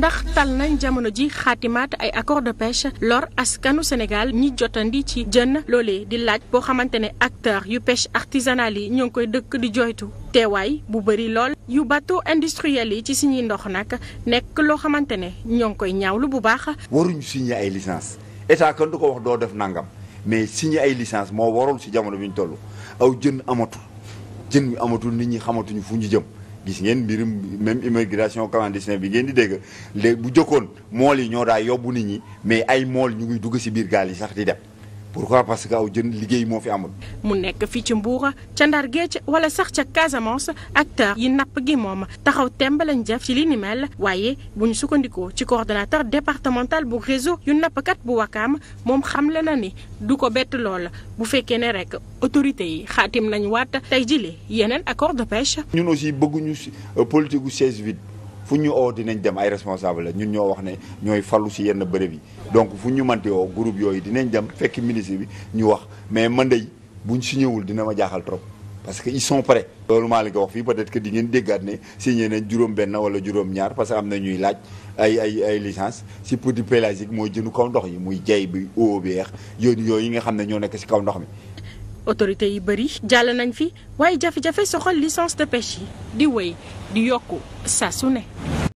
ndax tal nañ jamono ji xaatimaat ay accord de pêche lor askanu Sénégal ñi jotandi ci jën loolee di laaj boo xamante ne acteur yu pêche artisanale yi ñoo ngi koy dëkk di joytu teewaay bu bëri lool yu bateau industriel yi ci suñuy ndox nag nekk loo xamante ne ñoo ngi koy ñaawlu bu baax. waruñu signé ay licence état kan du ko wax doo def nangam mais signé ay licence moo warul si jamono bi ñu toll aw jën amatul jën wi amatul nit ñi xamatuñu fu ñu jëm. gis ngeen mbirum même immigration clandestine bi ngeen di dégg léegi bu jëkkoon mool yi ñoo daa yóbbu nit ñi mais ay mool ñu ngi dugg si biir gaal yi sax di dem pourquoi parce que aw jën liggéey moo fi amul. mu nekk fii ci Mbour ca Ndar Géej wala sax ca Casamance acteur yi napp gi moom taxaw temb lañ jëf ci li ni waaye bu ñu sukkandikoo ci coordonnateur départemental bu réseau yu nappkat bu Wakaam moom xamle na ni du ko bett lool bu fekkee ne rek autorité yi xaatim nañ waat tey jile yeneen ak accord de pêche. ñun aussi bëgguñu euh, politique gu 16 vide fu ñu oo dinañ dem ay responsable la ñun ñoo wax ne ñooy falu si yenn bërëb yi donc fu ñu manti oo groupe yooyu dinañ dem fekk ministre bi ñu wax mais man de buñ signé wul dina ma jaaxal trop parce que ils sont prêts loolu maa leen ko wax fii peut-être que di ngeen déggaat ne signé nañ juróom-benn wala juróom-ñaar parce que am na ñuy laaj ay ay ay licence si petit pélagique mooy jënu kaw ndox yi muy jay bi oo bi yooyu yooyu yi nga xam ne ñoo nekk si kaw ndox mi autorité yi bëri jàll nañ fi waaye jafe-jafe soxal licence de pêche yi di woy di yokku saa su ne